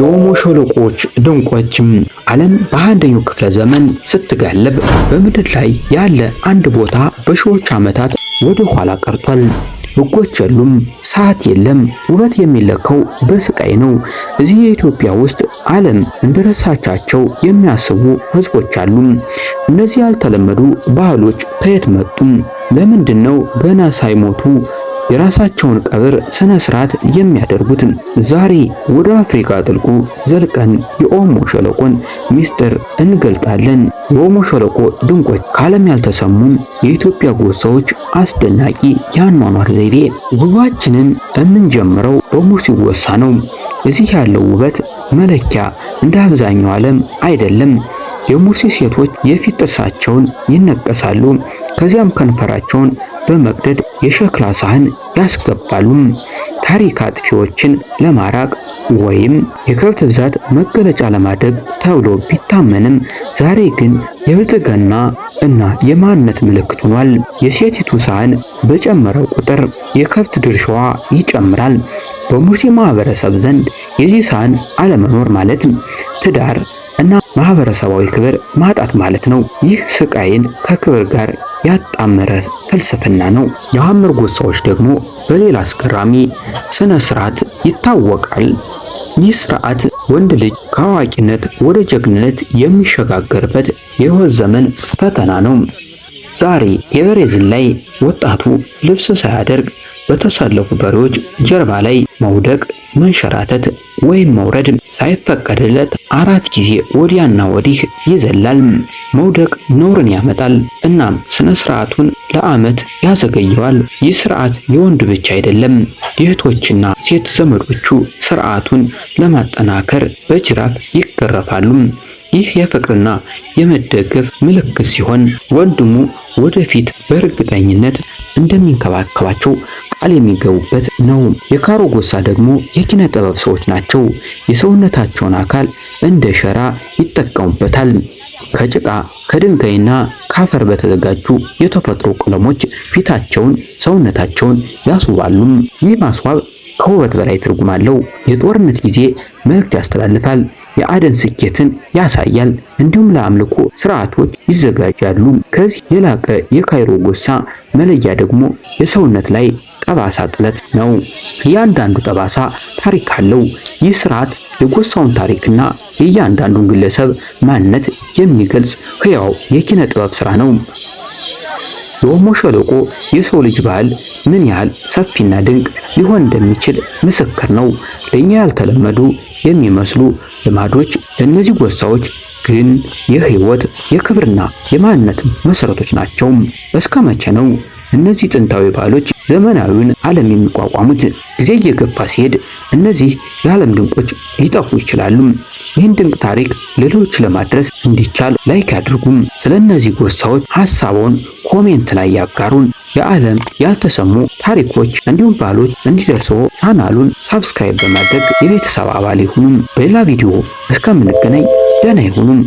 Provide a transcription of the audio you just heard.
የኦሞ ሸለቆዎች ድንቆችም ዓለም በአንደኛው ክፍለ ዘመን ስትጋለብ በምድር ላይ ያለ አንድ ቦታ በሺዎች ዓመታት ወደ ኋላ ቀርቷል። ሕጎች የሉም፣ ሰዓት የለም። ውበት የሚለካው በስቃይ ነው። እዚህ የኢትዮጵያ ውስጥ ዓለም እንደረሳቻቸው የሚያስቡ ህዝቦች አሉ። እነዚህ ያልተለመዱ ባህሎች ከየት መጡ? ለምንድን ነው ገና ሳይሞቱ የራሳቸውን ቀብር ስነ ስርዓት የሚያደርጉት ዛሬ ወደ አፍሪካ ጥልቁ ዘልቀን የኦሞ ሸለቆን ሚስጥር እንገልጣለን። የኦሞ ሸለቆ ድንቆች ከዓለም ያልተሰሙም የኢትዮጵያ ጎሳዎች አስደናቂ የአኗኗር ዘይቤ። ጉዟችንን የምንጀምረው በሙርሲ ወሳ ነው። እዚህ ያለው ውበት መለኪያ እንደ አብዛኛው ዓለም አይደለም። የሙርሲ ሴቶች የፊት ጥርሳቸውን ይነቀሳሉ። ከዚያም ከንፈራቸውን በመቅደድ የሸክላ ሳህን ያስገባሉ። ታሪክ አጥፊዎችን ለማራቅ ወይም የከብት ብዛት መገለጫ ለማድረግ ተብሎ ቢታመንም ዛሬ ግን የብልጽግና እና የማንነት ምልክት ሆኗል። የሴቲቱ ሳህን በጨመረ ቁጥር የከብት ድርሻዋ ይጨምራል። በሙርሲ ማህበረሰብ ዘንድ የዚህ ሳህን አለመኖር ማለት ትዳር እና ማህበረሰባዊ ክብር ማጣት ማለት ነው። ይህ ስቃይን ከክብር ጋር ያጣመረ ፍልስፍና ነው። የሐመር ጎሳዎች ደግሞ በሌላ አስገራሚ ስነ ስርዓት ይታወቃል። ይህ ስርዓት ወንድ ልጅ ከአዋቂነት ወደ ጀግንነት የሚሸጋገርበት የህይወት ዘመን ፈተና ነው። ዛሬ የበሬዝን ላይ ወጣቱ ልብስ ሳያደርግ በተሰለፉ በሬዎች ጀርባ ላይ መውደቅ፣ መንሸራተት ወይም መውረድ ሳይፈቀድለት አራት ጊዜ ወዲያና ወዲህ ይዘላል። መውደቅ ነውርን ያመጣል እናም ስነ ስርዓቱን ለዓመት ያዘገየዋል። ይህ ስርዓት የወንድ ብቻ አይደለም። የእህቶችና ሴት ዘመዶቹ ስርዓቱን ለማጠናከር በጅራፍ ይገረፋሉ። ይህ የፍቅርና የመደገፍ ምልክት ሲሆን ወንድሙ ወደፊት በእርግጠኝነት እንደሚንከባከባቸው ቃል የሚገቡበት ነው። የካሮ ጎሳ ደግሞ የኪነ ጥበብ ሰዎች ናቸው። የሰውነታቸውን አካል እንደ ሸራ ይጠቀሙበታል። ከጭቃ ከድንጋይና ከአፈር በተዘጋጁ የተፈጥሮ ቀለሞች ፊታቸውን፣ ሰውነታቸውን ያስውባሉ። ይህ ማስዋብ ከውበት በላይ ትርጉም አለው። የጦርነት ጊዜ መልእክት ያስተላልፋል። የአደን ስኬትን ያሳያል። እንዲሁም ለአምልኮ ስርዓቶች ይዘጋጃሉ። ከዚህ የላቀ የካይሮ ጎሳ መለያ ደግሞ የሰውነት ላይ ጠባሳ ጥለት ነው። እያንዳንዱ ጠባሳ ታሪክ አለው። ይህ ስርዓት የጎሳውን ታሪክና የእያንዳንዱን ግለሰብ ማንነት የሚገልጽ ሕያው የኪነ ጥበብ ስራ ነው። የኦሞ ሸለቆ የሰው ልጅ ባህል ምን ያህል ሰፊና ድንቅ ሊሆን እንደሚችል ምስክር ነው። ለኛ ያልተለመዱ የሚመስሉ ልማዶች ለእነዚህ ጎሳዎች ግን የህይወት የክብርና የማንነት መሰረቶች ናቸው። እስከ መቼ ነው እነዚህ ጥንታዊ ባህሎች ዘመናዊውን ዓለም የሚቋቋሙት። ጊዜ እየገፋ ሲሄድ እነዚህ የዓለም ድንቆች ሊጠፉ ይችላሉ። ይህን ድንቅ ታሪክ ሌሎች ለማድረስ እንዲቻል ላይክ ያድርጉም። ስለ እነዚህ ጎሳዎች ሀሳቦን ኮሜንት ላይ ያጋሩን። የዓለም ያልተሰሙ ታሪኮች እንዲሁም ባሎች እንዲደርሰው ቻናሉን ሳብስክራይብ በማድረግ የቤተሰብ አባል ይሁኑም። በሌላ ቪዲዮ እስከምንገናኝ ደህና ይሁኑም።